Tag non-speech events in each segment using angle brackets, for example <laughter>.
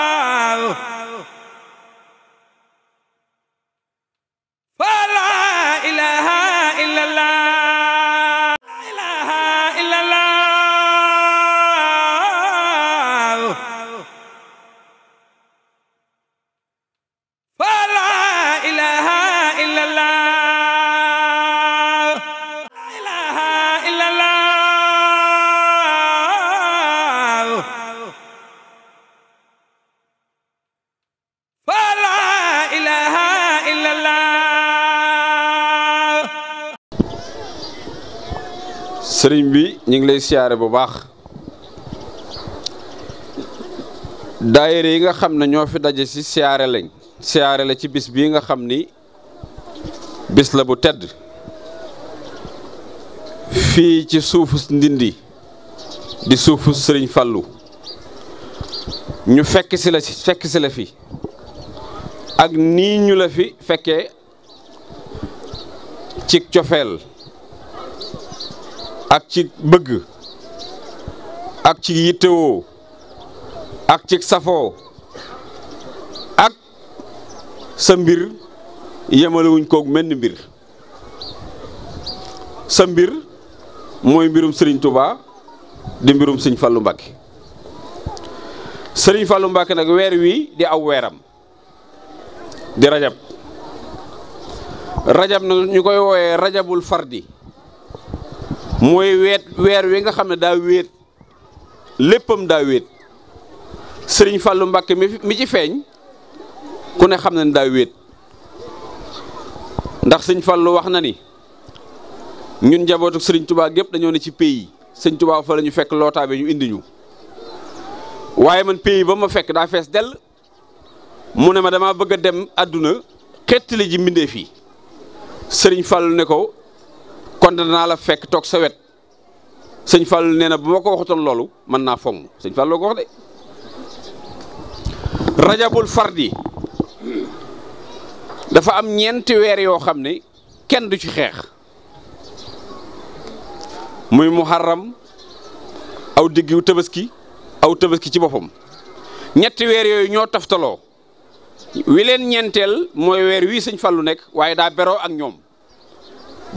waaw sëriñ bi ñu ngi lay siyaare bu baax daayira yi nga xam ne ñoo fi daje ci siyaare lañ siyaare la ci bis bii nga xam ni bis la bu tedd fii ci suufu ndindi di suufu sëriñ fàllu ñu fekk si la fi ak nii ñu la fi fekkee ci cofeel ak ci bëgg ak ci yittewoo ak ci safoo ak sa mbir yemalewuñ koog menn mbir sa mbir mooy mbirum Serigne Touba di mbirum Serigne Fallou Mbacké Serigne Fallou Mbacké nag weer wi di aw weeram di rajab rajab na ñu koy woowee rajabul fardi mooy weet weer wi nga xam ne daa wéet léppam daa wéet sëriñ Fallou Mbacké mi mi ci feeñ ku ne xam na ne daa wéet ndax sëñ Fallou wax na ni ñun njabootu sëriñ Touba gépp dañoo ne ci pays sëñ Touba fa la ñu fekk lootaabe ñu indi ñu waaye man pays ba ma fekk daa fees dell mu ne ma dama bëgg a dem àdduna xettali ji mbindee fii sëriñ Fallou ne ko man danaa la fekk toog sa wet sëñ Fall nee na bu ma ko waxutoon loolu mën naa fomm sëñ Fall loo ko wax de rajabul fardi dafa am ñeenti weer yoo xam ne kenn du ci xeex muy muharram aw diggu tabaski aw tabaski ci boppam ñetti weer yooyu ñoo taftaloo wi leen ñeenteel mooy weer wii sëñ lu nekk waaye daa beroo ak ñoom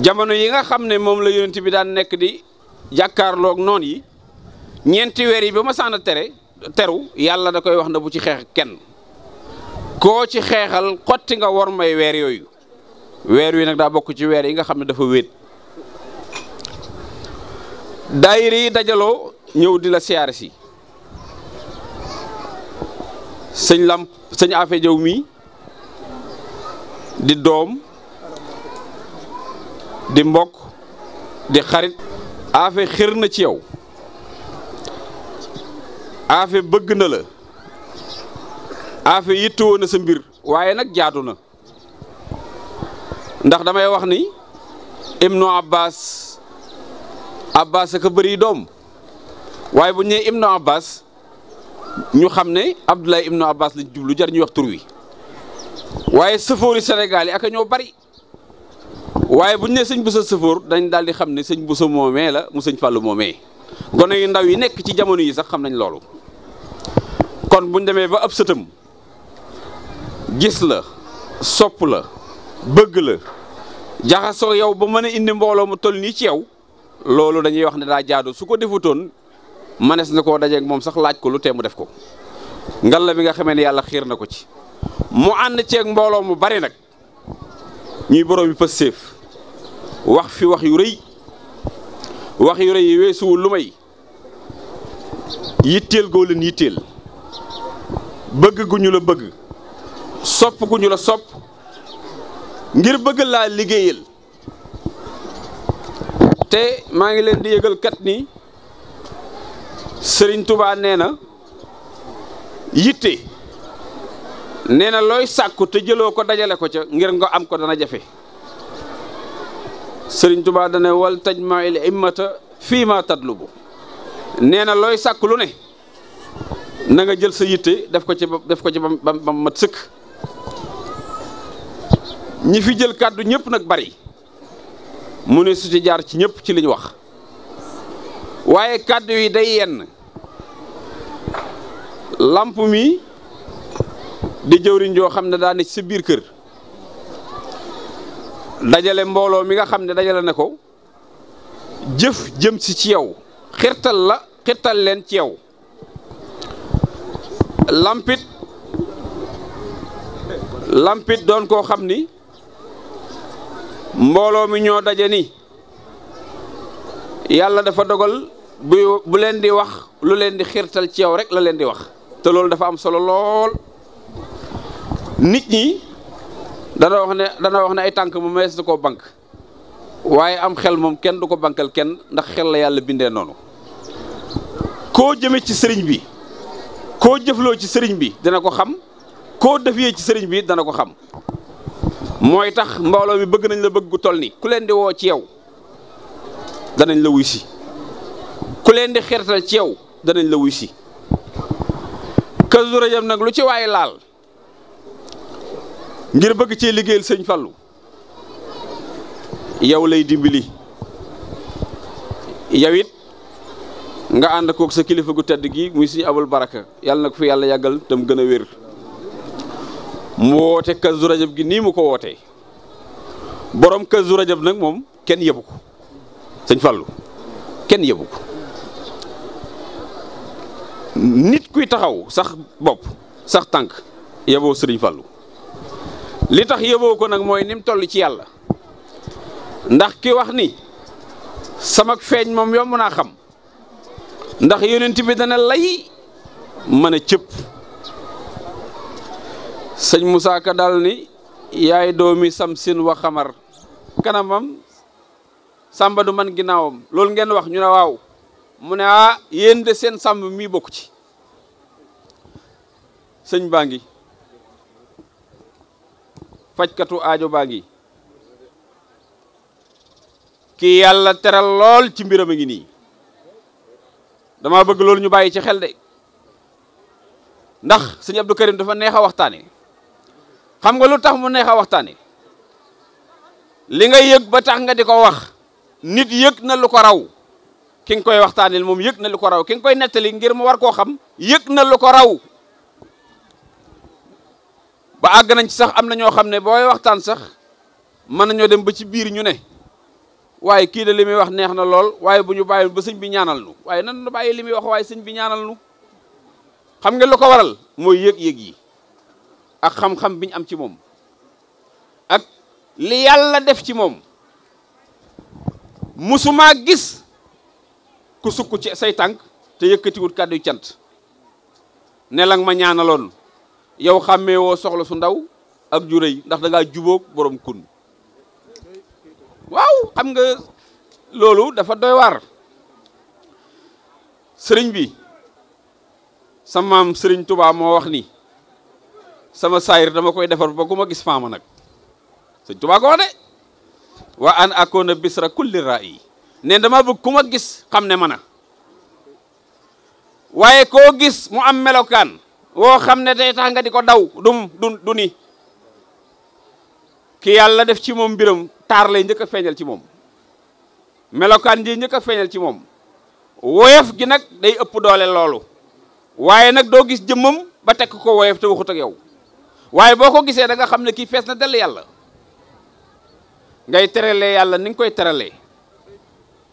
jamono yi nga xam ne moom la yonent bi daan nekk di jàkkaarlook noon yi ñeenti weer yi ba ma saan tere teru yàlla da koy wax na bu ci xeex kenn koo ci xeexal xotti nga war may weer yooyu weer wi nag daa bokk ci weer yi nga xam ne dafa wéet daayira yi dajaloo ñëw di la siyaare si sëñ lamp sëñ afe jaw mii di doom di mbokk di xarit aafe xër na ci yow aafe bëgg na la aafe yittewoo na sa mbir waaye nag jaadu na ndax damay wax ni ibnu abbas abbas aka bëri doom waaye bu ñëwee ibnu abbas ñu xam ne abdoulaye ibnu abbas lañ jublu jar wax tur wi waaye sëfoori sénégal yi aka ñoo bari waaye bu ñu nee sëñ Bousso Sëfoor dañ daal di xam ne sëñ Bousso moomee la mu sëñ Fallou moomee gone yu ndaw yi nekk ci jamono yi sax xam nañ loolu kon bu ñu demee ba ab sëtam gis la sopp la bëgg la jaxasoo yow ba mën a indi mbooloo mu toll nii ci yow loolu dañuy wax ne daa jaadu su ko defatoon manes na koo dajeeg moom sax laaj ko lu tee mu def ko ngal la bi nga xamee ne yàlla xiir na ko ci mu ànd ceeg mbooloo mu bari nag. ñuy borom yi pëstéef wax fi wax yu rëy wax yu rëy yi weesuwu lu may yitteel goo leen yitteel bëgg gu ñu la bëgg sopp gu ñu la sopp ngir bëgg laa liggéeyal te maa ngi leen di yëgal kat ni Serigne Touba nee na yitte. nee na looy sàkku te jëloo ko dajale ko ca ngir nga am ko dana jafe sëriñ Tuubaa dane wal tajmail immata fii ma tatlubu nee na looy sàkku lu ne na nga jël sa yitte def ko ci def ko ci ba ba mat sëkk ñi fi jël kàddu ñëpp nag bari mu ne su ci jaar ci ñëpp ci li ñu wax waaye kàddu yi day yenn lamp mi di jëwriñ joo xam ne daa ne si biir kër dajale mbooloo mi nga xam ne dajale na ko jëf jëm si ci yow xirtal la xirtal leen ci yow lampit lampit doon koo xam ni mbooloo mi ñoo daje ni yàlla dafa dogal bu bu leen di wax lu leen di xirtal ci yow rek la leen di wax te loolu dafa am solo lool nit ñi dana wax ne dana wax ne ay tànk mu mees na koo bank waaye am xel moom kenn du ko bankal kenn ndax xel la yàlla bindee noonu koo jëmee ci sëriñ bi koo jëfloo ci sëriñ bi dana ko xam koo defee ci sëriñ bi dana ko xam mooy tax mbooloo mi bëgg nañ la bëgg gu toll ni ku leen di woo ci yow danañ la wuy si ku leen di xirtal ci yow danañ la wuy si kazu rajab nag lu ci waaye laal ngir bëgg cee liggéeyal sëñ fallu yow lay dimbali yow it nga ànd kook sa kilifa gu tedd gi muy suñu abul baraka yàlla na fi yàlla yàggal tam gën a wér mu woote Kazu Rajab gi nii mu ko wootee borom Kazu Rajab nag moom kenn yebu ko sëñ Fallou kenn yebu ko nit kuy taxaw sax bopp sax tànk yeboo sëriñ Fallou li tax yëboo ko nag mooy ni mu toll ci yàlla ndax ki wax ni sama feeñ moom yomb naa xam ndax yonent bi dana lay mën a cëpp sëñ Moussa dal ni yaay doomi samsin wa xamar kanamam sàmba du man ginnaawam loolu ngeen wax ñu ne waaw mu ne ah yéen de seen sàmb mii bokk ci sëñ baa ngi fajkatu aajo baa ngi kii yàlla teral lool ci mbiram a ngi nii dama bëgg loolu ñu bàyyi ci xel de ndax sëñ Abdou Karim dafa neex a waxtaane xam nga lu tax mu neex a waxtaane li nga yëg ba tax nga di ko wax nit yëg na lu ko raw ki nga koy waxtaanil moom yëg na lu ko raw ki nga koy nettali ngir mu war koo xam yëg na lu ko raw ba àgg nañ ci sax am na ñoo xam ne booy waxtaan sax mën nañoo dem ba ci biir ñu ne waaye kii de li muy wax neex na lool waaye bu ñu bàyyi ba sëñ bi ñaanal nu waaye nan nu bàyyi li muy wax waaye sëñ bi ñaanal xam nga lu ko waral mooy yëg-yëg yi ak xam-xam bi am ci moom ak li yàlla def ci moom musumaa gis ku sukk ci say tànk te yëkkatiwut kàddu yu cant ne la ma ñaanaloon yow xàmmee woo soxla su ndaw ak ju rëy ndax da jubook boroom kun waaw xam nga loolu dafa doy waar sëriñ bi sa maam sëriñ Tuubaa moo wax ni sama saayir dama koy defar ba ku ma gis faama nag sëriñ Tuubaa ko wax de waa an akoona bisra kulli raayi ne dama bëgg ku ma gis xam ne mën a waaye koo gis mu am melokaan woo xam ne day tax nga di ko daw dum du du ni ki yàlla def ci moom mbiram taar lay njëkk a feeñal ci moom melokaan ji njëkk a feeñal ci moom woyof gi nag day ëpp doole loolu waaye nag doo gis jëmmam ba tekk ko woyof te waxut ak yow waaye boo ko gisee da xam ne kii fees na dell yàlla ngay terale yàlla ni nga koy teralee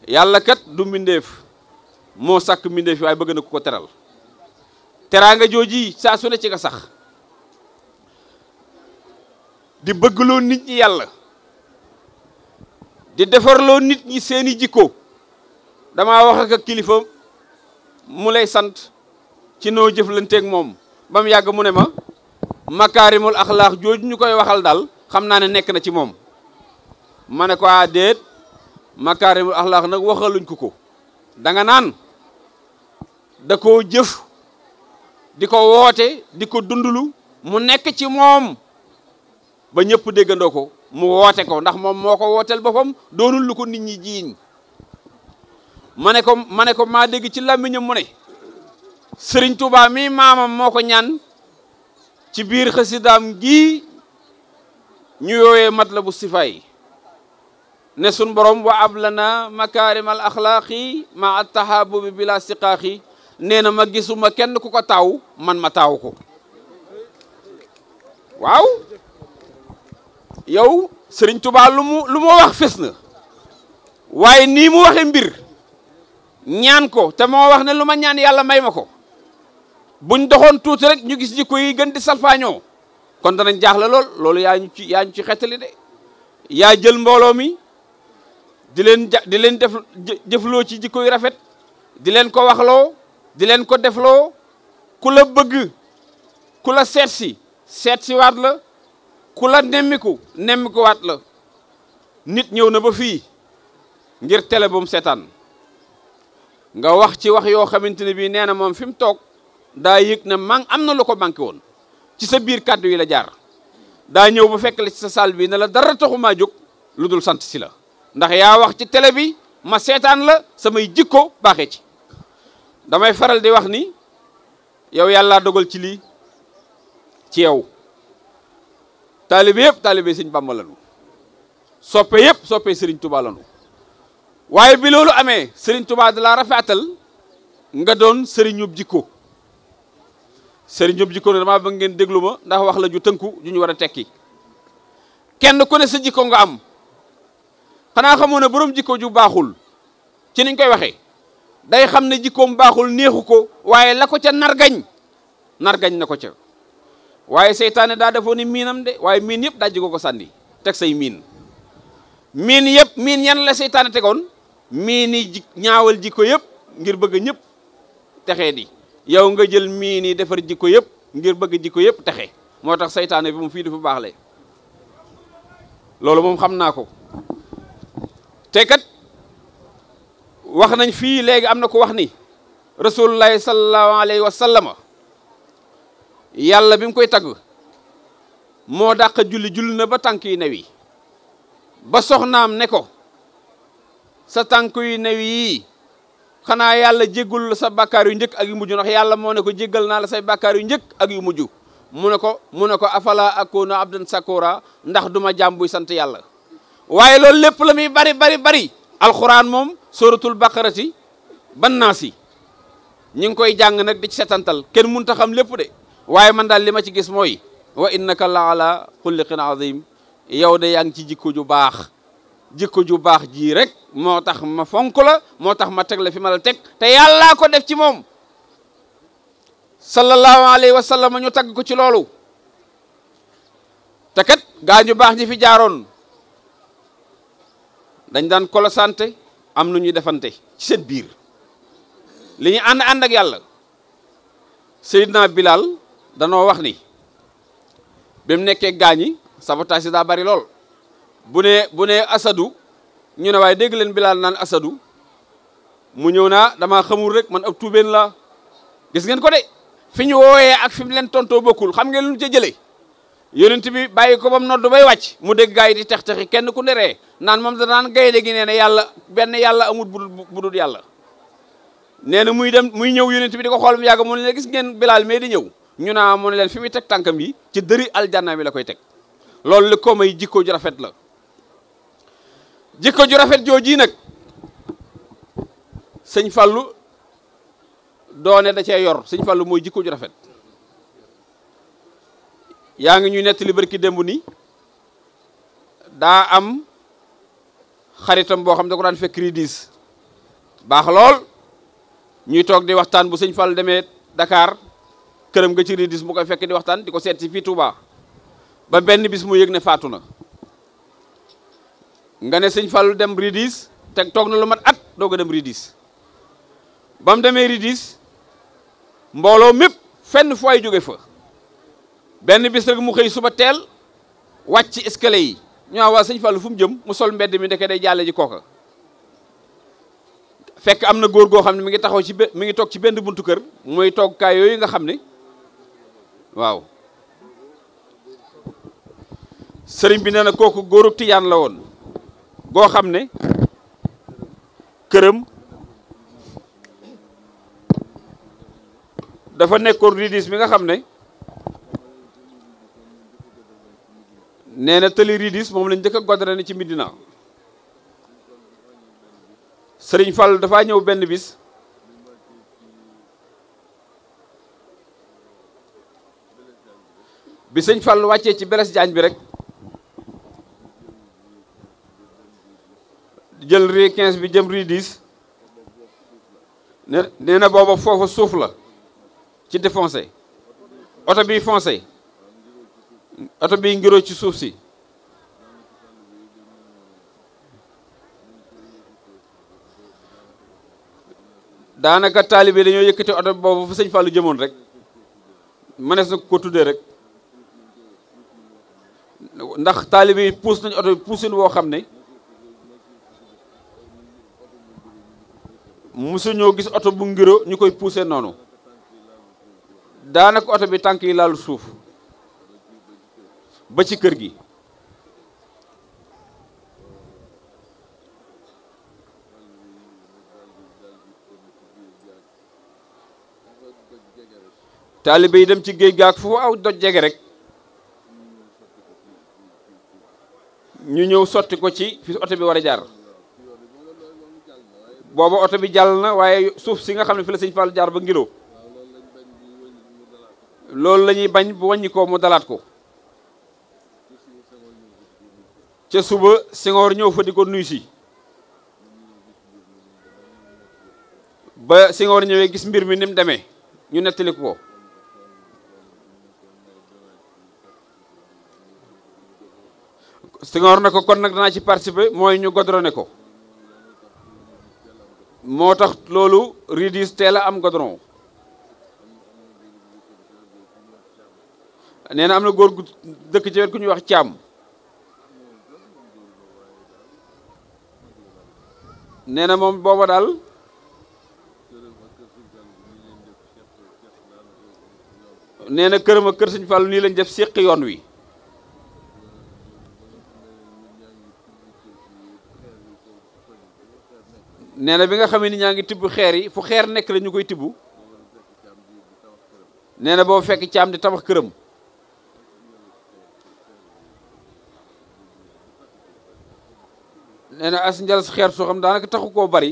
yàlla kat du mbindeef moo sàkk mbindeef waaye bëgg na ku ko teral teraanga jooji saa su ne ci nga sax di bëggloo nit ñi yàlla di defarloo nit ñi seeni jikko dama wax ak kilifa mu lay sant ci noo jëflanteeg moom ba mu yàgg mu ne ma makaarimul axlaax jooju ñu koy waxal daal xam naa ne nekk na ci moom ma ne ko a ah, déet makaarimul axlaax nag waxaluñ ko ko da naan da koo jëf di ko woote di ko dundulu mu nekk ci moom ba ñëpp déggandoo ko mu woote ko ndax moom moo ko wootel boppam doonul lu ko nit ñi jiiñ ma ne ko ma ne ko maa dégg ci làmmiñam mu ne Sëriñ Tuubaa mii maamam moo ko ñaan ci biir xasidaam gii ñu yooyee matlabu sifaay ne sun borom wa ablana makaarimal axlaaqi ma attahabubi bila siqaaxi nee na ma gisuma kenn ku ko taaw man ma taaw ko waaw yow sëriñ Tuubaa lu mu lu mu wax fes na waaye nii mu waxe mbir ñaan ko te moo wax ne lu ma ñaan yàlla may ma ko buñ doxoon tuuti rek ñu gis jikko yi gën di salfaañoo kon danañ jaaxle lool loolu yaa ñu ci yaa ñu xettali ne yaa jël mbooloo mi di leen ja di leen def jëfloo ci jikko yu rafet di leen ko wax loo di leen ko defloo ku la bëgg ku la seet si seet si la ku la nemmiku nemmiku la nit ñëw na ba fii ngir télé bu mu seetaan nga wax ci wax yoo xamante ne bii nee na moom fi mu toog daa yëg ne man am na lu ko manqué woon ci sa biir kàddu yi la jaar daa ñëw ba fekk la ci sa salle bi ne la dara taxu maa jóg lu dul sant si la ndax yaa wax ci télé bi ma seetaan la samay jikko baaxee ci damay faral di wax ni yow yàlla dogal ci lii ci yow taalibe yëpp taalibe sëñ Bàmba lanu soppe yëpp soppe sëriñ Tuubaa waaye bi loolu amee sëriñ Tuubaa da laa rafetal nga doon sëriñub jikko sëriñub jikko ne damaa bëgg ngeen déglu ma ndax wax la ju tënku ju ñu war a tekki kenn ku ne sa jikko nga am xanaa xamoo ne boroom jikko ju baaxul ci niñ koy waxee day xam ne jikkoom baaxul neexu ko waaye la ko ca nargañ nargañ na ko ca waaye seytaane daa defoon ni miinam de waaye miin yëpp dajji ko ko sànni teg say miin miin yëpp miin yan la seytaane tegoon miin yi ji ñaawal jikko yépp ngir bëgg ñëpp texee di yow nga jël miin yi defar jikko yépp ngir bëgg jikko yëpp texe moo tax seytaane bi mu fii dafa baax le loolu moom xam naa ko te kat wax nañ fii léegi am na ko wax ni rasulullahi sallallahu alayhi wa sallama yàlla bi mu koy tagg moo dàq julli julli na ba tànk yu new yi ba soxnaam ne ko sa tànk yu new yi xanaa yàlla jéggul la sa bàkkaar yu njëkk ak yu mujj ndax yàlla moo ne ko jéggal naa la say bàkkaar yu njëkk ak yu mujj mu ne ko mu ne ko afala akuna abdan sakura ndax duma buy sant yàlla waaye loolu lépp la muy bari bari bari alxuraan moom sóoratul baqarati ban naas yi ngi koy jàng nag di ci setantal kenn mënut a xam lépp de waaye man daal li ma ci gis mooy wa innaka la ala xulliqin azim yow de yaa ngi ci jikko ju baax jikko ju baax jii rek moo tax ma fonk la moo tax ma teg la fi ma la teg te yàllaa ko def ci moom sallallahu alayhi wa sallam ñu tagg ko ci loolu te kat gaa ñu baax ñi fi jaaroon dañ daan kolosante am nu ñuy defante ci seen biir li ñu ànd ànd ak yàlla Seydina Bilal danoo wax ni bi mu nekkee gaañi sabotage yi daa bari lool bu ne bu ne asadu ñu ne waaye dégg leen Bilal naan asadu mu ñëw naa dama xamul rek man ab tuubeen la gis ngeen ko de fi ñu woowee ak fi mu leen tontoo bokkul xam ngeen lu ñu ca jëlee yonent bi bàyyi ko ba mu noddu bay wàcc mu dégg gaa di tex texi kenn ku neree naan moom da naan gaynde gi nee na yàlla benn yàlla amul budul budul yàlla nee na muy dem muy ñëw yonent bi di ko xool mu yàgg mu ne gis ngeen bilaal mais di ñëw ñu naa mu ne leen fi muy teg tànkam yi ci dëri aljanna bi la koy teg loolu li ko may jikko ju rafet la jikko ju rafet jooji nag sëñ Fallu doone da cee yor sëñ Fallu mooy jikko ju rafet yaa ngi ñuy nettali barki démb ni daa am xaritam boo xam da ko daan fekk ridis baax lool ñuy toog di waxtaan bu sëñ fal demee dakaar këram nga ci ridis mu koy fekk di waxtaan di ko seet si fii Touba ba benn bis mu yëg ne faatu na nga ne sëñ Fall dem ridis te toog na lu mat at doog a dem ridiis ba mu demee ridiis mbooloo mépp fenn fu ay jóge fa benn bis rek mu xëy suba teel wàcc ci yi ñu waa sëñ Fallou fu mu jëm mu sol mbedd mi ndeke day jàlle ji kooka fekk am na góor goo xam ne mu ngi taxaw ci mi ngi toog ci benn buntu kër mooy toogkaay yooyu nga xam ne waaw sëriñ bi nee na kooku góorub tijaan la woon goo xam ne këram dafa nekkoon ridis bi nga xam ne nee na tëli moom lañ njëkk a godre ne ci Medina sëriñ Fall dafa ñëw benn bis bi sëñ Fall wàccee ci beres jaañ bi rek jël ri bi jëm ri 10 ne nee na booba foofa suuf la ci défoncé oto bi foncé oto bii ngiro ci suuf si daanaka taalibe dañoo yëkkati oto boobu fu sëñ Fallou jëmoon rek mënees na ko tuddee rek ndax taalibe yi puus nañu oto bi puusin woo xam ne ñoo gis oto bu ngiroo ñu koy puusee noonu daanaka oto bi tànk yi laalu suuf ba ci kër gi taalibe yi dem ci géej gaak fu aw doj jege rek ñu ñëw sotti ko ci fi oto bi war a jaar booba oto bi jàll na waaye suuf si nga xam ne fi la sëñ Fall jaar ba ngilo loolu lañuy bañ bu waññikoo mu dalaat ko ca suba Senghor ñëw fa di ko nuyu si ba Senghor ñëwee gis mbir mi ni mu demee ñu nettali ko Senghor na ko kon nag danaa ci participer mooy ñu godrone ko moo tax loolu ridis teel am godron nee na am na góor gu dëkk ci ku ñuy wax càmm nee na moom booba daal nee na këram ak kër sëñ Fallou nii lañ def séq yoon wi nee na bi nga xamee ni ñaa ngi tibb xeer yi fu xeer nekk la ñu koy tibb nee na boo fekk caam di tabax këram nee na as njal xeer soo xam daanaka taxu koo bari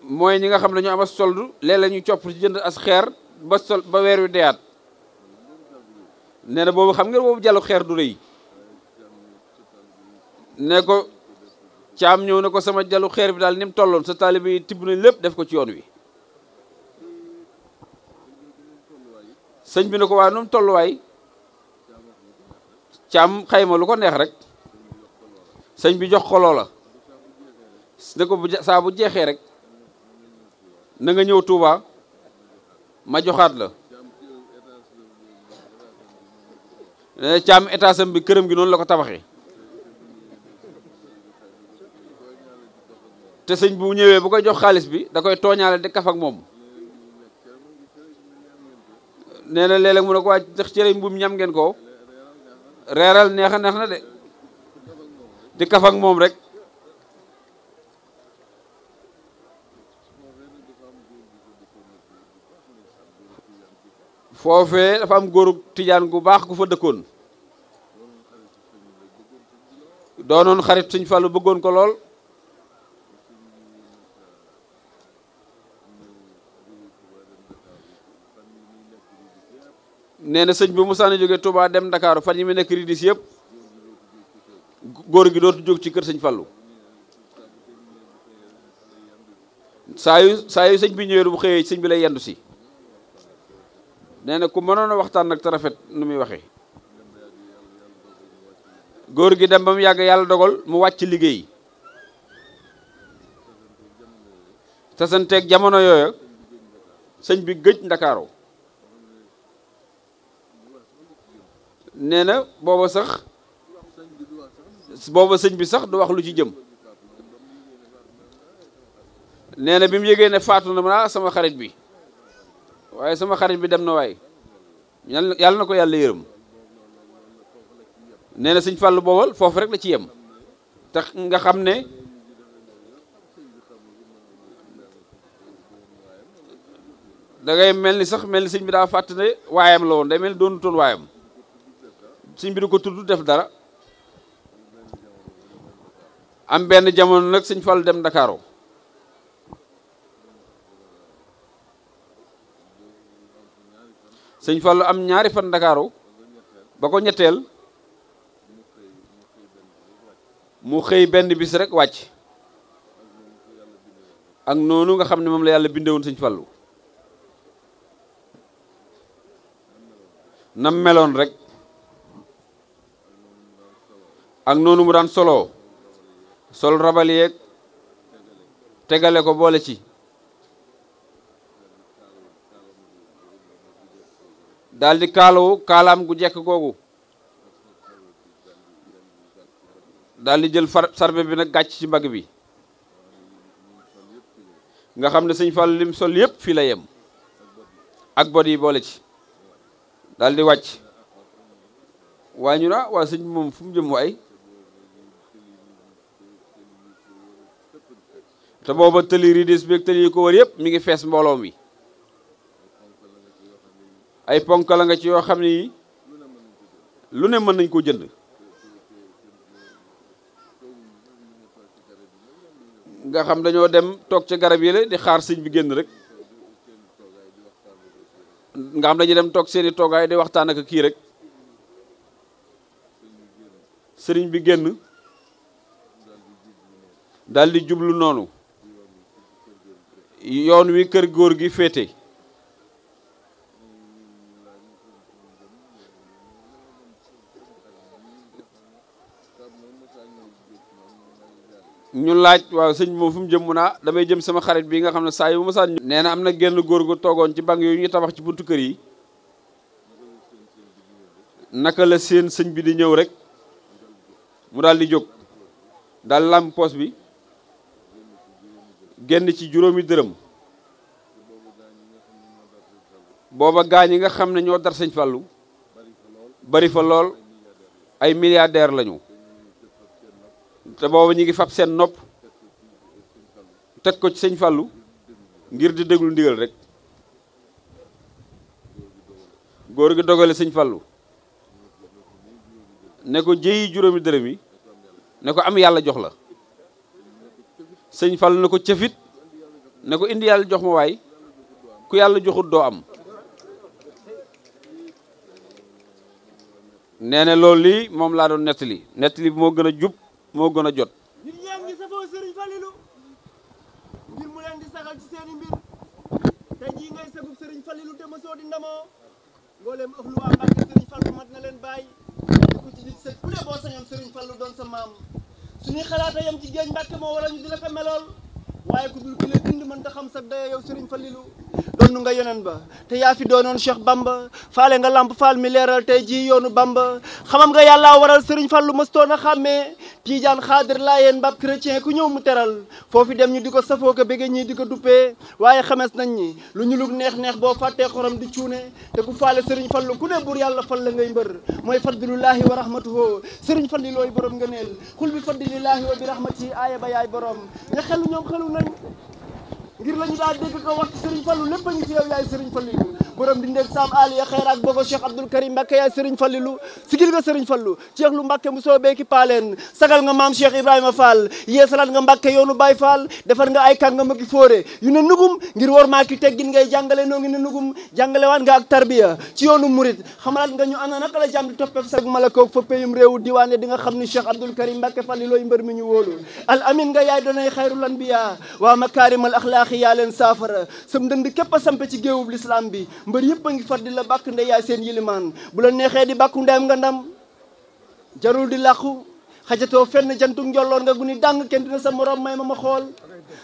mooy ñi nga xam ne ñu am as soldu léeg la ñu copp ci jënd as xeer ba sol ba weer wi deyaat nee na boobu xam ngeen boobu jàllu xeer du rëy ne ko caam ñëw ne ko sama jàllu xeer bi daal ni mu tolloon sa taalibe yi tibb nañ lépp def ko ci yoon wi sëñ bi ne ko waaye nu mu tolluwaay caam xayma lu ko neex rek sëñ bi jox ko la ne ko bu saa bu jeexee rek na nga ñëw Touba ma joxaat la caam état sam bi këram gi noonu la ko tabaxee te sëñ bu ñëwee bu koy jox xaalis bi da koy tooñaale di kaf ak moom nee na léeg-léeg mu ne ko waa ndax cere mbuum ñam ngeen ko reeral neex a neex na de di kaf moom rek foofee dafa am góoru tijaan gu baax gu fa dëkkoon doonoon xarit Sëñ Fallu bëggoon ko lool nee na sëñ bi Musaani jóge Touba dem Ndakaaru fan yi mu nekk ridis yëpp góor gi dootu jóg ci kër sëñ Fallu saa yu saa yu sëñ bi ñëwee bu xëyee sëñ bi lay yendu si nee na ku mënoon a waxtaan nag te rafet nu muy waxee góor gi dem ba mu yàgg yàlla dogal mu wàcc liggéey tasanteeg jamono yooya sëñ bi gëj Ndakaaru nee na booba sax booba sëñ bi sax du wax lu ci jëm nee na bi mu yëgee ne faatu na ma sama xarit bi waaye sama xarit bi dem na waay yàlla na ko yàlla yërëm nee na sëñ fàll boobal foofu rek la ci yem tax nga xam ne dangay mel ni sax mel ni sëñ bi daa fàtt ne waayam la woon day mel ni doonutoon waayam si mbiru ko tudd def dara am benn jamono nag sëñ Fall dem ndakaaroo sëñ Fall am ñaari fan Ndakaaru ba ko ñetteel mu xëy benn bis rek wàcc ak noonu nga xam ne moom la yàlla bindewoon sëñ Fallu nam meloon rek ak noonu mu daan solo sol rabal yeeg tegale ko boole ci daldi kaalawu kaalaam gu jekk googu daldi jël far sarbe bi nag gàcc ci mbagg bi nga xam ne sëñ Fall lim sol yépp fii la yem ak bod yi boole ci daldi wàcc waaye ñu na waa sëñ moom fu mu jëm waay te booba tëli ridis bi tëli yi ko wër yëpp mu ngi fees mbooloo mi ay ponk la nga ci yoo xam ni lu ne mën nañ ko jënd nga xam dañoo dem toog ca garab yi la di xaar sëñ bi génn rek nga xam dañuy dem toog seeni toogaay di waxtaan ak kii rek sëriñ bi génn daldi jublu noonu yoon wi kër góor gi féete ñu laaj waaw sëñ moom fu mu jëm mu naa damay jëm sama xarit bi nga xam ne saa yu ma saan nee na am na genn góor gu toogoon ci bank yooyu ñu tabax ci buntu kër yi naka la seen sëñ bi di ñëw rek mu daal jóg daal làmb poos bi génn ci juróomi dërëm booba gaañ yi nga xam ne ñoo dar sëñ Fallou bari fa lool ay milliardaire lañu te booba ñu ngi fab seen nopp teg ko ci sëñ Fallou ngir di déglu ndigal rek góor gi dogale sëñ Fallou ne ko jëyi juróomi dërëm yi ne ko am yàlla jox la sëñ Fall na ko cëfit ne ko indi yàlla jox ma waay ku yàlla joxut doo am nee na loolu lii moom laa doon nettali nettali bi moo gën a jub moo gën a jot nit ñaa ngi sëriñ Falilu ngir mu leen di saxal ci seeni mbir te jii ngay sëriñ Falilu te mat na leen bàyyi suñuy xalaata yam ci géej mbàkke moo waral ñu di la ko melool waaye ku dul ki la mënta xam sa daya yow Serigne Falilou doonu nga yeneen ba te yaa fi doonoon Cheikh Bamba faale nga lamp faal mi leeral tey ji yoonu Bamba xamam nga yàlla waral Serigne Fallou mëstoon a xàmmee Tiijaan xaadir laayeen mbab chrétien ku ñëw mu teral foofu dem ñu di ko safoo ko bége ñii di ko duppee waaye xames nañ ñi lu ñu lug neex-neex boo fàttee xorom di cuune te ku faale Serigne Fallou ku ne buur yàlla fal la ngay mbër mooy fadlullahi wa rahmatuhu Serigne Fallou looy borom nga neel xul bi fadlillahi wa bi rahmatihi aaya ba yaay borom ngir la ñu daa dégg ko wax ci Serigne Fallou lépp a ngi ci yow yaay Serigne Fallilou borom di ndeg Sam Aliya xeyraak bogo Cheikh Abdoul Karim Mbacké yaay Serigne Fallilou sigil nga Serigne Fallou Cheikh lu Mbacké mu soobee paaleen sagal nga maam Cheikh Ibrahima Fall yeesalaat nga Mbacké yoonu Baye Fall defar nga ay kàngam ak fóore yu ne nugum ngir war maa ki teggin ngay jàngale noo ngi ne nugum jàngale waat nga ak tarbiya ci yoonu murit xamalaat nga ñu ana naka la jàmm di toppee sag malakoog fa payum réewu diwaane di nga xam ni Cheikh Abdoul Karim Mbacké Fallilooy mbër mi ñu wóolu al amin nga yaay doonay baax yaa leen saafara sam ndënd képp a sampe ci géewub lislaam bi mbër yëpp a ngi far di la bàkk ndey yaay seen yilimaan bu la neexee di bàkku ndeyam nga ndam jarul di làqu xajatoo fenn jantu njolloon nga guni dàng kenn dina sa morom may ma ma xool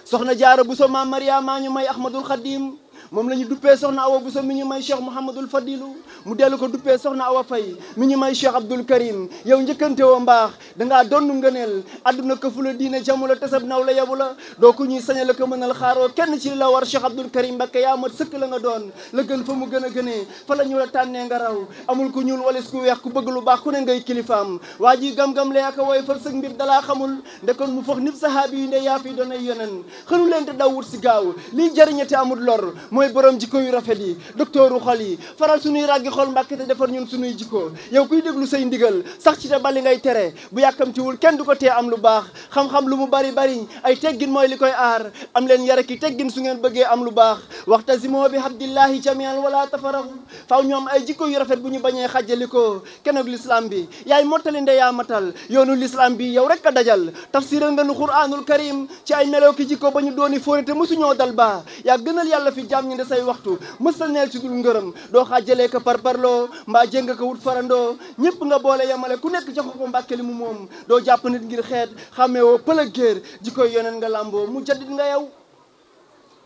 soxna jaara bu so maam mariama ñu may ahmadul xadim moom la ñu duppee soxna Awa Bousso mi ñu may cheikh Mouhamadul Fadilu mu dellu ko duppee soxna Awa Faye mi ñu may cheikh Abdoul Karim yow njëkkante woo mbaax dangaa donn ngëneel adduna këfu la diine jamu la tasab naw la yebu la doo ku ñuy saña la ko mënal xaaroo kenn ci li la war cheikh Abdoul Karim Mbakke yaa mat sëkk la nga doon la gën fa mu gën a gënee fa la ñu la tànnee nga raw amul ku ñuul walis ku weex ku bëgg lu baax ku ne ngay kilifaam waa ji gam-gam la yaka wooy far sëg mbir dalaa xamul ndekoon mu fox nit sahaabi yi nde yaa fi doonay yonen xënu leen te daw wut si gaaw amul lor mooy borom jikko yu rafet yi doktooru xol yi faral suñuy ràggi xol mbàkke te defar ñun suñuy jikko yow kuy déglu say ndigal sax ci te bali ngay tere bu yàkkamtiwul kenn du ko tee am lu baax xam-xam lu mu bari bari ay teggin mooy li koy aar am leen yar ki teggin su ngeen bëggee am lu baax waxta zimo bi habdillahi jamian wala tafarahu faw ñu am ay jikko yu rafet bu ñu bañee xajjali ko kenn ak l'islam bi yaay mottali nde yaa matal yoonu l'islam bi yow rek a dajal tafsiral nga nu quraanul karim ci ay meloo ki jikko ba ñu dooni wàññi de say waxtu mësal neel ci dul ngërëm doo xaa jëlee ko par parloo mbaa jéng ko wut farandoo ñëpp nga boole yemale ku nekk jox ko mbàkke li mu moom doo jàpp nit ngir xeet xàmmee woo pël ak koy yoneen nga làmboo mu jaddit nga yow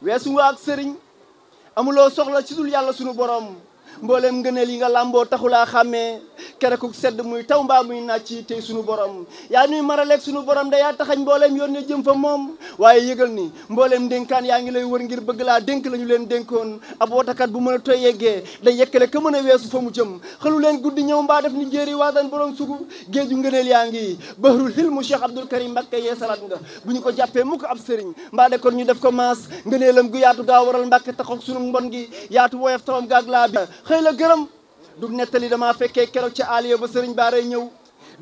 weesu nga ak sëriñ amuloo soxla ci dul yàlla sunu borom mboolem ngëneel yi nga làmboo taxulaa xàmmee kerekuk sedd muy taw mbaa muy nàcc tey sunu borom yaa nuy lekk sunu borom da yaa taxañ mbooleem yoon ne jëm fa moom waaye yëgal ni mbooleem dénkaan yaa ngi lay wër ngir bëgg laa dénk la ñu leen dénkoon ab wotakat bu mën a toy yeggee da yekkale ka mën a weesu fa mu jëm xalu leen guddi ñëw mbaa def ni jéeri waadan borom sugu géeju ngëneel yaa ngi bahrul hilmu Cheikh Abdoul Karim Mbacké yee salaat nga bu ñu ko jàppee mukk ab sëriñ mbaa de kon ñu def ko maas ngëneelam gu yaatu gaa waral Mbacké taxoog sunu mbon gi yaatu woyof tawam laa xëy la gërëm du nettali damaa fekkee keroog ci aliyo ba sëriñ baaray ñëw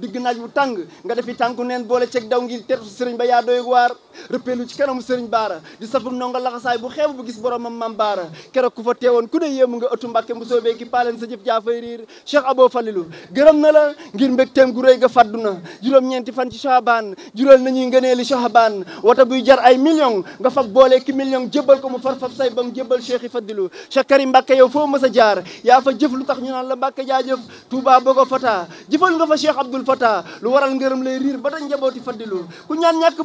digg naaj bu tàng nga def defi tànku neen boole ceeg daw ngir tertu sëriñ ba yaa doy waar rëppeelu ci kanamu sëriñ baara di safu ndongo laxasaay bu xeebu bu gis boromam mam baara keroog ku fa teewoon ku ne yéemu nga ëttu mbàkke mu soobee ki paaleen sa jëf jaafay riir cheikh abo falilu gërëm na la ngir mbégteem gu réy ga faddu na juróom-ñeenti fan ci chaabaan jural nañuy ngëneeli chaabaan wata buy jar ay million nga fab boolee ki million jëbal ko mu farfab say bam jëbal cheikh yi fadilu cheikh yow foo mës jaar yaa fa jëf lu ñu naan la mbàkke jaajëf touba bogo fata jëfal nga fa cheikh abdoul fata lu waral ngërëm lay riir ba ta njabooti fadilu ku ñaan ñàkk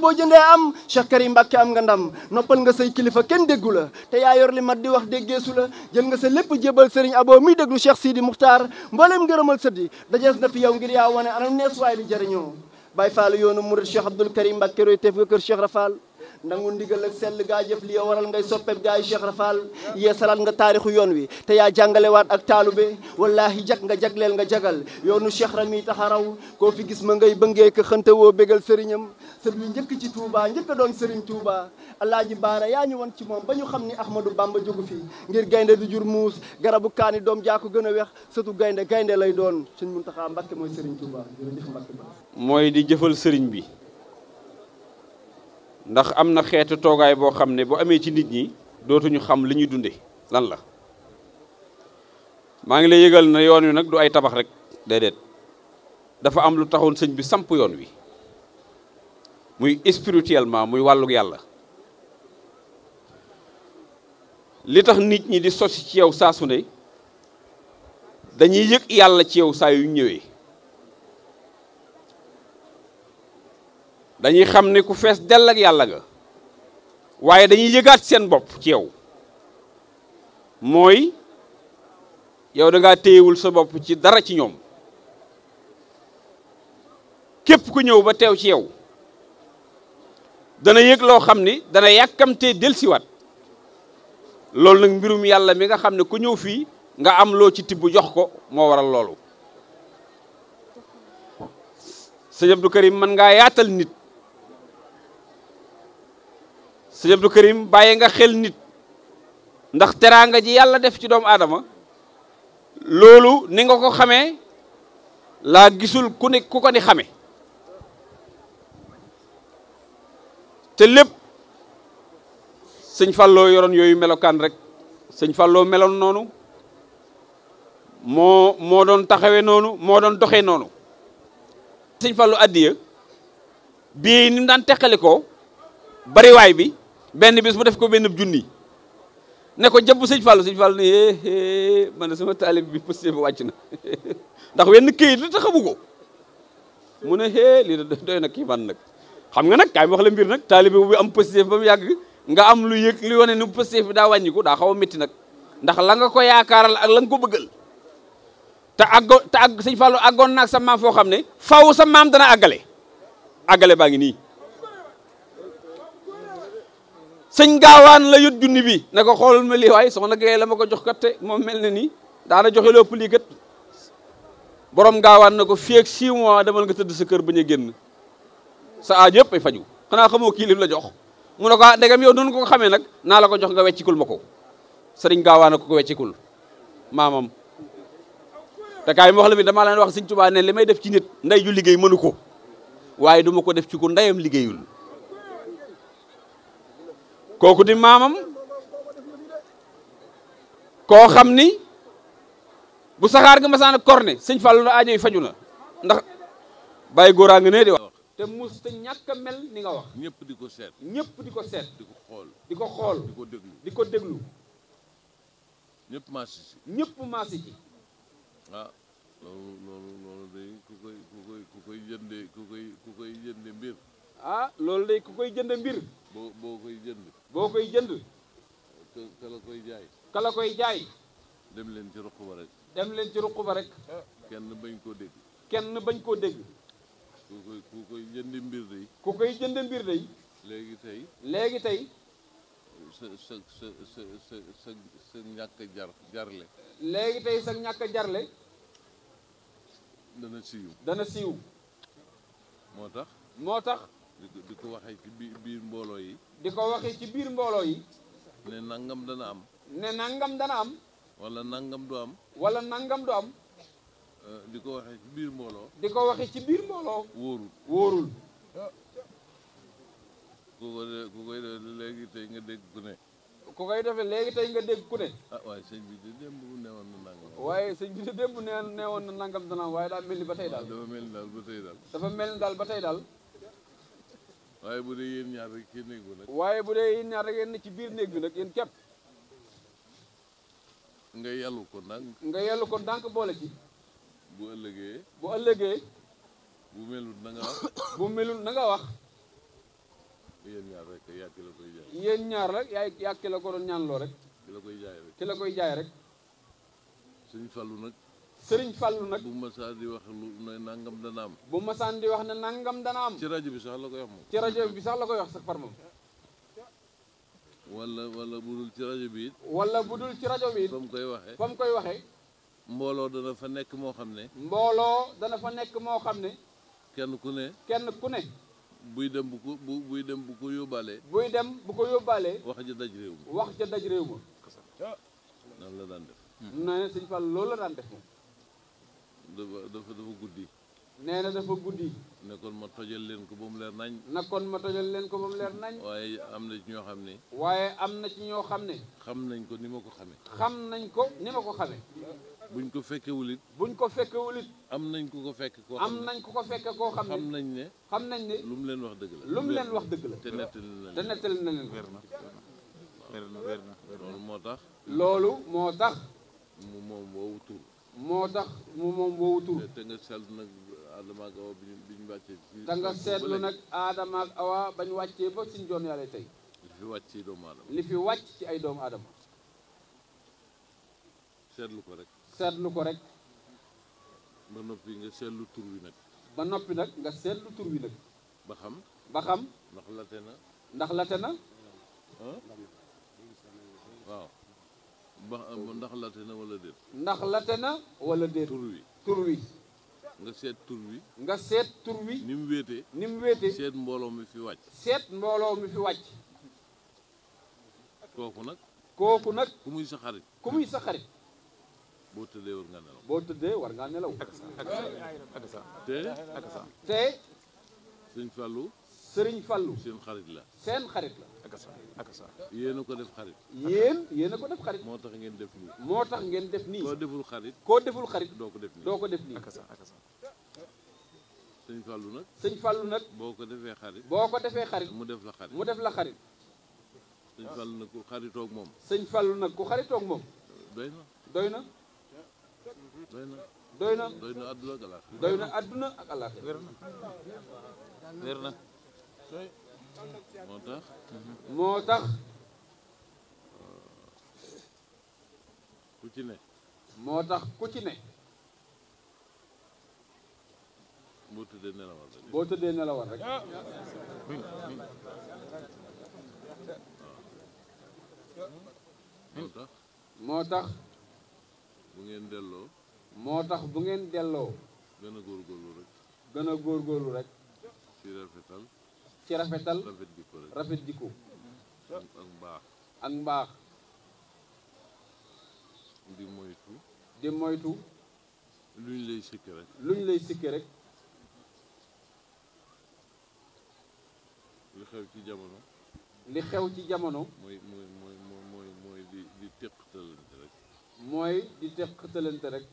Cheikh Karim Mbacke am nga ndam noppal nga say kilifa kenn déggu la te yaa li mat di wax déggeesu la jël nga sa lépp jébal Serigne Abo muy déglu Cheikh Sidi Muxtaar mboolem ngërëmal sëddi dajees na fi yow ngir yaa wane anam nees waay bi jëriñoo Baye Fall yoonu Murid Cheikh Abdoul Karim Mbacke roy teef nga kër Cheikh Rafal nangu ndigal ak sell gaa jëf li waral ngay soppeb gaa yi Cheikh Rafal yee salaat nga taarixu yoon wi te yaa jàngalewaat ak taalube yi jag nga jagleel nga jagal yoonu Cheikh Rami raw koo fi gis ma ngay bëngee ko xënte woo bégal sëriñam sër yu njëkk ci Touba njëkk a doon sëriñ Touba alaaji baara yaa ñu won ci moom ba ñu xam ni Ahmadou Bamba jógu fi ngir gaynde du jur muus garabu kaani doom jaa ko gën a wex sëtu gaynde gaynde lay doon suñ Muntaxa mooy sëriñ Touba jërëjëf mooy di jëfal sëriñ bi ndax am na xeetu toogaay boo xam ne bu amee ci nit ñi dootuñu xam li ñuy dunde lan la maa ngi lay yëgal na yoon wi nag du ay tabax rek déedéet dafa am lu taxoon sëñ bi samp yoon wi muy spirituellement muy wàllu yàlla li tax nit ñi di sosi ci yow saa su ne dañuy yëg yàlla ci yow saa yu ñëwee dañuy xam ne ku fees dell ak yàlla nga waaye dañuy yëgaat seen bopp ci yow mooy yow dangaa téyewul sa bopp ci dara ci ñoom képp ku ñëw ba teew ci yow dana yëg loo xam ni dana yàkkamtee delsiwaat loolu nag mbirum yàlla mi nga xam ne ku ñëw fii nga am loo ci tibb jox ko moo waral loolu sa sëñ Abdou Karim mën ngaa yaatal nit sëñ Abdou Karim bàyyi nga xel nit ndax teraanga ji yàlla def ci doomu aadama loolu ni nga ko xamee laa gisul ku ne ku ko ni xame te lépp sëñ Falloo yoroon yooyu melokaan rek sëñ Falloo meloon noonu moo moo doon taxawee noonu moo doon doxee noonu sëñ Fallou addiya bii ni daan teqali ko bariwaay bi benn bis mu def ko benn junni ne ko jëbb sëñ Fallou sëñ Fallou ne man de sama taalib bi posté bi wàcc na <laughs> ndax wenn këyit la xabu ko mu ne hee lii da doy na kii man nag xam nga nag kaa ma wax la mbir nag taalib bi am posté ba mu yàgg nga am lu yëg li wane ni posté bi daa wàññiku daa xaw a métti nag ndax la nga ko yaakaaral ak la nga ko bëggal te àggo te àgg sëñ Fallou àggoon naag sa maam foo xam ne faw sa maam dana àggale àggale baa ngi nii sëñ gaawaan la yot junni bi na ko xoolal ma lii waay soxna Gaye la ma ko jox kat te moom mel na nii daana joxe lépp lii kat borom gaawaan na ko fii ak 6 mois demal nga tëdd sa kër ba a génn sa aaj yëpp ay faju xanaa xamoo kii lim la jox mu ne ko ah ndegam yow noonu ko xamee nag naa la ko jox nga weccikul ma ko sëriñ gaawaan ko ko weccikul maamam te kaay yi wax la mi damaa leen wax sëñ Tuubaa ne li may def ci nit ndey ju liggéey mënu ko waaye duma ko def ci ku ndeyam liggéeyul kooku di maamam koo xam ni bu saxaar nga masaana korne sëñ Fallou la aajo yi faju na ndax bàyyi góoraa nga ne di wax te mus te ñàkk mel ni nga wax ñëpp di ko seet ñëpp di ko di ko xool di ko xool di ko déglu di ko déglu ñëpp maasi ci ñëpp maasi ci ah, loolu loolu day ku koy ku mbir ah loolu day ku koy jënde mbir boo koy jënd boo koy jënd. kala koy jaay. kala koy jaay. dem leen ci ruq ba rek. dem leen ci ruq ba rek. kenn bañ koo dégg. kenn bañ koo dégg. ku koy ku koy jënd mbir day. ku koy jënd mbir day. léegi tey. léegi tey. sa ñàkk a jarle. léegi tey sa ñàkk a jarle. dana siiw. dana siiw. moo tax. moo tax. di ko waxee ci biir mbooloo yi. di ko waxee ci biir mbooloo yi ne nangam dana am ne nangam dana am wala nangam du am wala nangam du am euh, di ko waxee ci biir mbooloo di ko waxee ci biir mbooloo wóorul wóorul ku ko de ku koy def léegi tey nga dégg ku ne ku koy defee léegi tey nga dégg ku ne ah waaye sëñ bi de démb neewoon na nangam waaye bi de démb na nangam dana am waaye daal mel ni ba tey daal dafa mel ba tey daal dafa mel ni daal ba tey daal waaye bu dee yéen ñaar rek ci néeg bi nag. waaye bu dee yéen ñaar rek yéen ci biir néeg bi nag yéen képp. nga yàllu ko ndànk. nga yàllu ko ndànk boole ci. bu ëllëgee. bu ëllëgee. bu melut na wax. bu melut na nga wax. yéen ñaar rek yaa ki la koy jaay. yéen ñaar rek yaa yaa la ko doon ñaanloo rek. la koy jaay rek ki la koy jaay rek. sëñ Fallou nag. sëriñ Fallu nag. bu masaan di wax lu ne nangam dana am. bu masaan di wax ne nàngam dana am. ci rajo bi sax la koy wax moom. ci rajo bi sax la koy wax sax par moom. wala wala bu dul ci rajo bi it. wala bu dul ci rajo bi it. fa mu koy waxee fa mu koy waxee. mbooloo dana fa nekk moo xam ne. mbooloo dana fa nekk moo xam ne. kenn ku ne. kenn ku ne. buy dem bu ko bu buy dem bu ko yóbbaalee. dem bu ko yóbbaalee. wax ja daj réew ma wax ja daj réew ma. noonu la daan def. nee sëñ Fall loolu la daan def moom. dafa dafa guddi. nee na dafa guddi. ne kon ma tojal leen ko ba mu leer nañ. na kon ma tojal leen ko ba mu leer nañ. waaye am na ci ñoo xam ne. waaye am na ci ñoo xam ne. xam nañ ko ni ma ko xamee. xam nañ ko ni ma ko xamee. buñ ko fekkewul it. buñ ko fekkewul it. am nañ ku ko fekkee koo am nañ ku ko fekkee koo xam ne. nañ ne. xam nañ ne lu mu leen wax dëgg la. lu mu leen wax dëgg la. te nettali na leen te nettali na leen. weer na weer na weer na loolu moo tax. loolu moo tax. mu moom woowu tur. moo tax mu moom woowu tur. te nga seetlu nag Adama Awa bi ñu wàccee. te nga nag Adama ak Awa ba ñu wàccee ba suñu joon yàlla tey. li fi wàcc ci doomu li fi wàcc ci ay doomu adama seetlu ko rek. seetlu ko rek. ba noppi nga seetlu tur wi nag. ba noppi nag nga seetlu tur wi nag. ba xam. ba xam. ndax late na. ndax late na. waaw. ndax latte na wala déet. ndax latte na wala déet. tur nga seet tur wi. nga seet tur wi. ni mu wéetee. ni mu wéetee. seet mbooloo mu fi wàcc. seet mbooloo mi fi wàcc. kooku nag. kooku nag. ku muy sa xarit. ku muy sa xarit. boo tëddee war nga nelaw. boo tëddee war ngaa nelaw. te. te. sëñ Fallou. sëriñ Fallou. seen xarit la. seen xarit la. ak sa ak sa yéen ko def xarit yéen yéen a ko def xarit moo tax ngeen def nii moo tax ngeen def nii koo deful xarit koo deful xarit doo ko def nii doo ko def nii ak sa ak sa sëñ Fallou nag sëñ Fallou nag boo ko defee xarit boo ko defee xarit mu def la xarit mu def la xarit sëñ Fallou nag ku xaritoog moom sëñ Fallou nag ku xaritoog moom doy na doy na doy na doy na doy na adduna ak alaaxira na adduna ak alaaxira na moo tax moo tax ku ci ne moo tax ku ci ne boo tëddee nelawal rek boo tëddee nelawal rek moo tax moo tax bu ngeen delloo moo tax bu ngeen delloo gën a góorgóorlu rek gën a góor góorlu rek ci rafetal ci rafetal rafet jikko ak mbaax ak mbaax di moytu di moytu luñ lay sikki lay sikki rek li xew ci jamono li xew ci jamono mooy mooy mooy mooy di di teqtalante rek mooy di teqtalante rek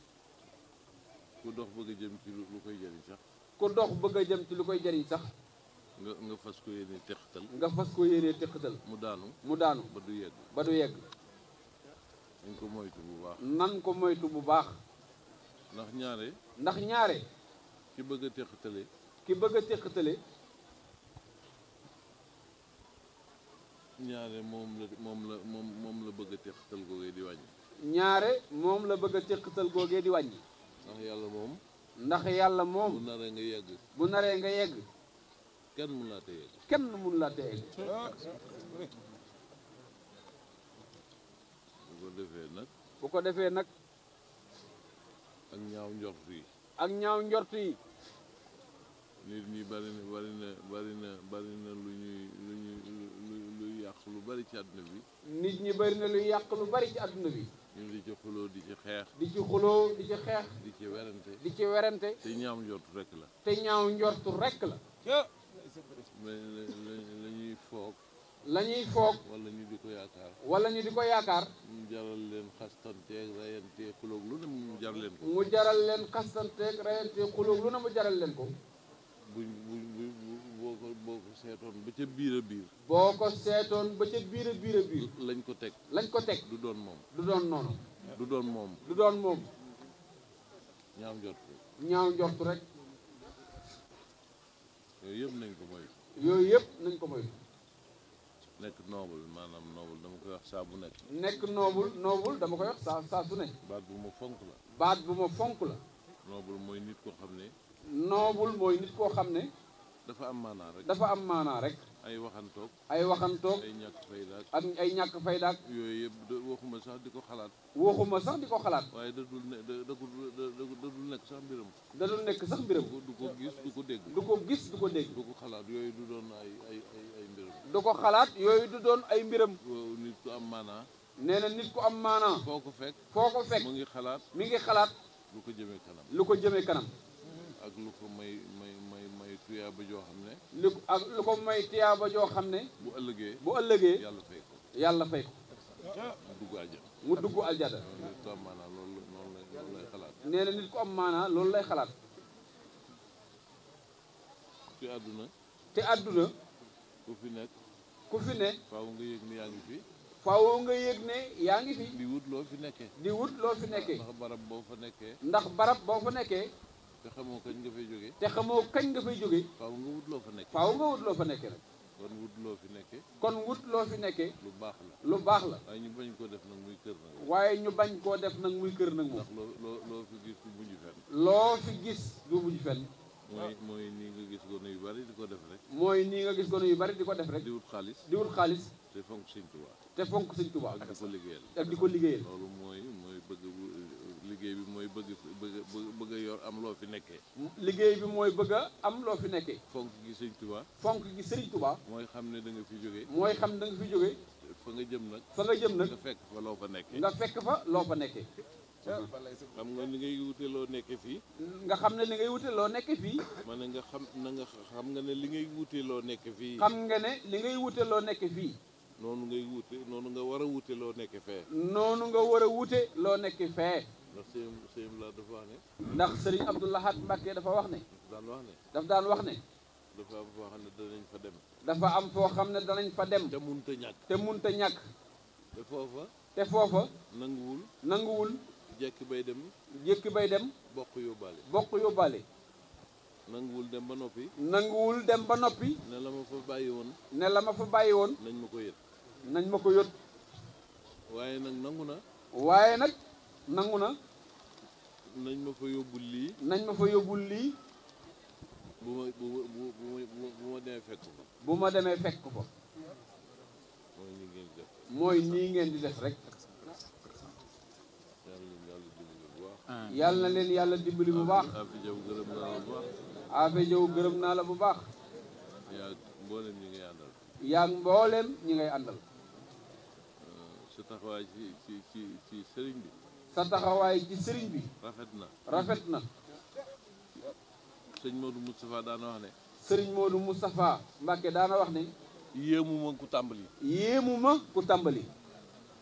ku dox bëgg a jëm ci lu koy jariñ sax ku dox bëgg a jëm ci lu koy jëriñ sax nga nga fas ko yéenee teqatal. nga fas ko yéenee teqatal. mu daanu mu daanu. ba du yegg ba du yegg. nañ ko moytu bu baax. nan ko moytu bu baax. ndax ñaare. ndax ñaare. ki bëgg a teqatale. ki bëgg a teqatale. ñaare moom la moom la moom moom la bëgg a teqatal googee di wàññi. ñaare moom la bëgg a teqatal googee di wàññi. ndax yàlla moom. ndax yàlla moom. bu naree nga yegg. bu naree nga yegg. kenn mun laa téye kenn mun laa téye bu ko defee nag bu ko defee nag ak ñaaw njort yi ak ñaaw njort yi nit ñi bari na bari na bari na lu ñuy lu ñuy luy yàq lu bari nit ñi bari na luy yàq lu bari ci àdduna bi ñu di ci xuloo di ci xeex di ci xuloo di ci xeex di ci werante di ci werante te ñaaw njortu rekk la te ñaaw njortu rekk la la ñuy foog. lañuy foog. wala ñu di ko yaakaar. wala ñu di ko yaakaar. mu jaral leen xastanteeg rayanteeg xulóog lu ne mu jaral leen ko. mu jaral leen xastanteeg rayanteeg xulóog lu ne mu jaral leen ko. bu buñ buñ boo ko boo ko seetoon ba biir a biir. boo ko seetoon ba biir a biir a biir. lañ ko teg lañ ko teg. du doon moom. du doon noonu. du doon moom. du doon moom. ñaaw njort. ñaaw njort rek. yooyu yëpp nañ ko moytu. yooyu yëpp nañ ko moytu. nekk noobul maanaam noobul dama koy wax saa nekk. nekk noobul noobul dama ko wax saa saa su ne. baat bu ma fonk la. baat bu ma fonk la. noobul mooy nit koo xam ne. noobul mooy nit koo xam ne. dafa am maanaa rek dafa am maanaa rek. ay waxantoog ay waxantoog ay ñàkk faydaak ak ay ñàkk faydaak yooyu yëpp waxuma sax di ko xalaat waxuma sax di ko xalaat waaye da dul ne da da nekk sax mbiram ko du ko gis du ko dégg du ko gis du ko dégg du xalaat yooyu du doon ay ay ay ay mbiram du ko xalaat yooyu du doon ay mbiram nit ku am maanaa nee na nit ko am maanaa foo ko fekk foo ko fekk mu ngi xalaat mi ngi xalaat lu ko jëmee kanam lu ko jëmee kanam ak lu ko may tuyaaba joo xam ne. lu ko ak lu ko may tuyaaba joo xam ne. bu ëllëgee bu ëllëgee. yàlla fay ko yàlla fay ko. mu dugg aljada mu dugg aljada. nit lay xalaat. nee na nit ku am maanaa loolu lay xalaat. te àdduna. te àdduna. ku fi nekk. ku fi ne. faaw nga yëg ne yaa ngi fi. faaw nga yëg ne yaa ngi fi. di wut loo fi nekkee. di wut loo fi nekkee. ndax barab boo fa nekkee. ndax barab boo fa nekkee. te xamoo kañ nga fay jógee. te xamoo kañ nga fay jógee. faaw nga wut loo fa nekkee. faaw nga wut loo fa nekkee rek. kon wut loo fi nekkee. kon wut loo fi nekkee. lu baax la lu baax ñu bañ koo def nag muy kër nag. waaye ñu bañ koo def nag muy kër nag moom. ndax loo loo loo fi gis du mujj fenn. loo fi gis du mujj fenn. mooy mooy nii nga gis gone yu bari di ko def rek. mooy nii nga gis gone yu bari di ko def rek. diwut xaalis di wut xaalis. te fonk sëñ Tuubaa. te fonk sëñ Tuubaa. ak di ko liggéeyal ak di ko liggéeyal. loolu mooy liggéey bi mooy bëgg bëgg bëgg am loo fi nekkee liggéey bi mooy bëgg a loo fi nekkee fonk gi sëñ Tuubaa fonk gi sëñ Tuubaa mooy xam ne da fi jógee mooy xam ne da nga fi jógee fa nga jëm nag fa nga jëm nag nga fekk fa loo fa nekkee nga fekk fa loo fa nekkee xam nga li ngay wute loo nekkee nga xam ne li ngay wute loo nekkee fii ma ne nga xam na nga xam nga ne li ngay wute loo nekkee fii xam nga ne li ngay wute loo nekkee fii noonu ngay wute noonu nga war a wute loo nekkee fee ndax sëriñ sëriñ Abdoul Ahad dafa wax ne. ndax sëriñ Abdoul Ahad Mbacké dafa wax ne. daf daan wax ne. wax ne. dafa am foo xam ne danañ fa dem. dafa am foo xam ne danañ fa dem. te munta ñàkk. te munta ñàkk. te foofa. te foofa. nanguwul. nanguwul. jekki bay dem. jekki bay dem. bokk yóbbaale. bokk yóbbaale. nanguwul dem ba noppi. nanguwul dem ba noppi. ne la ma fa bàyyi woon. ne la ma fa bàyyi woon. nañ ma ko yët. nañ ma ko yët. waaye nag nangu na. waaye nag. nangu na. nañ ma fa yóbbul lii. nañ ma fa yóbbul lii. bu ma bu ma demee fekk fa. bu ma demee fekk fa. mooy nii ngeen di def. rek. yàlla na leen yàlla dimbali bu baax. Afe Jaw gërëm naa la bu baax. Afe Jaw gërëm naa la bu baax. yaa mboolem ñi ngay àndal. yaa mboolem ñi ngay àndal. Euh, sa taxawaay ci ci ci ci sëriñ bi. sa taxawaay ci sëriñ bi. rafet na rafet na. sëriñ Modou Moustapha daana wax ne. sëriñ Modou Moustapha daana wax ne. yéemu ku tàmbali. yéemu ma ku tàmbali.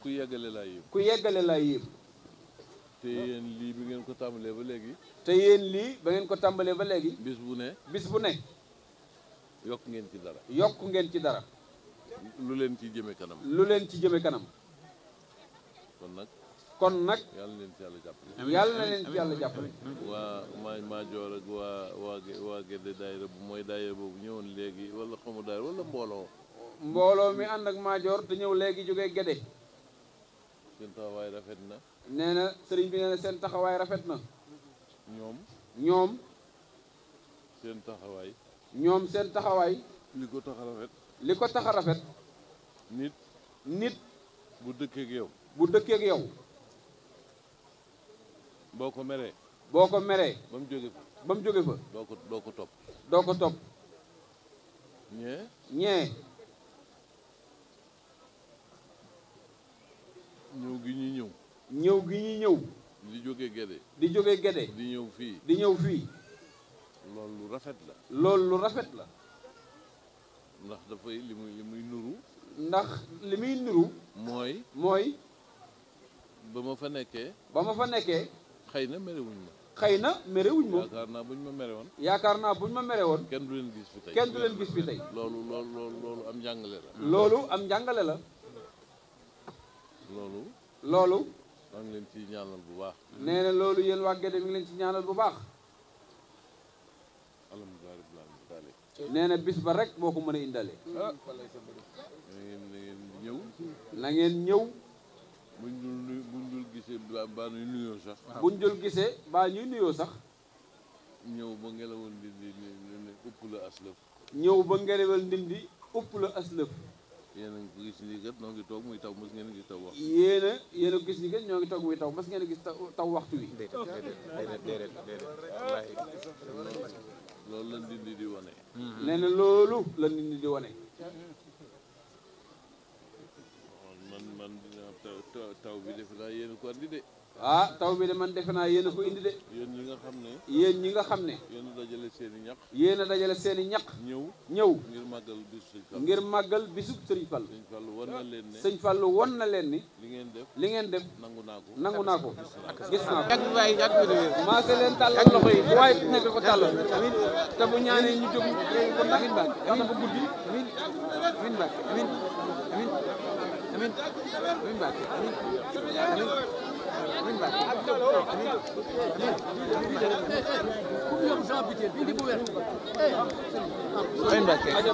ku yeggale laa yéem. ku yeggale laa yéem. lii bi ngeen ko tàmbalee ba léegi. te yéen lii ba ngeen ko tàmbalee ba léegi. bis bu ne. bis bu ne. yokk ngeen ci dara. yokk ngeen ci dara. lu leen ci jëme kanam. lu leen ci jëme kanam. kon nag. kon nag yàlla na leen ci yàlla jàppale. yàlla na leen ci yàlla jàppale. waa maa maa ak waa waa waa Gédé daayira bu mooy daayira boobu ñëwoon léegi wala xamu daayira wala mbooloo. mbooloo mi ànd ak maajoor te ñëw léegi jógee Gédé. seen taxawaay rafet na. nee na sëriñ bi nee na seen taxawaay rafet na. ñoom. ñoom. seen taxawaay. ñoom seen taxawaay. li ko tax a rafet. li ko tax a rafet. nit. nit. bu dëkkeek yow. bu dëkkeek yow. boo ko meree. boo ko meree. ba mu jóge fa. ba mu jóge fa. doo ko doo ko topp. doo ko topp. ñee. ñee. ñëw gi ñuy ñëw. ñëw gi ñuy ñëw. di jóge Gede. di jóge Gede. di ñëw fii. di ñëw fii. loolu rafet la. loolu lu rafet la. ndax dafay li muy li muy nuru. ndax li muy nuru. mooy. mooy. ba ma fa nekkee. ba ma fa nekkee. xëy na merewuñ ma xëy na merewuñ ma yaakaar naa buñ ma mere yaakaar naa buñ ma mere woon kenn du leen gis fi tey kenn du leen gis fi tey loolu loolu loolu am njàngale la loolu am njàngale la loolu loolu maa leen ci ñaanal bu baax nee loolu yéen waa Guédé mi leen ci ñaanal bu baax nee na bis ba rek boo ko mën a indale na ngeen ñëw na ñëw buñ dul buñ dul gisee baa ñuy nuyoo sax. buñ dul gisee baa ñuy nuyoo sax. ñëw ba ngelawal ndindi ne ëpp la aslëf. ñëw ba ngelawal ndindi ëpp la aslëf. yéen a ngi ko gis nii kat ñoo ngi toog muy taw mas ngeen gis taw yéen a gis nii kat ñoo ngi toog muy taw mas ngeen gis taw waxtu wi. déedéet déedéet loolu la ndindi di wane. Mm-hmm. nee na loolu la ndindi di wane. Oh, taw bi defe naa yéen ko andi de. ah taw bi de man defe naa yéen a ko indi de. yéen ñi nga xam ne. yéen ñi nga xam ne. yéen a dajale seen i ñaq. yéen a dajale seen i ñaq. ñëw ñëw. ngir màggal bisu sëñ Fall. ngir màggal bisu sëñ Fall. sëñ Fall won na leen sëñ Fall won na leen ni. li ngeen def li ngeen nangu naa ko nangu naa ko gis naa ko. maa se leen tàllal loxo yi bu waay ne dafa tàllal. amiin te bu ñaanee ñu jóg. amiin amiin amiin amiin amiin amiin amiin Mbacke amiin amiin amiin Mbacke amiin amiin amiin Mbacke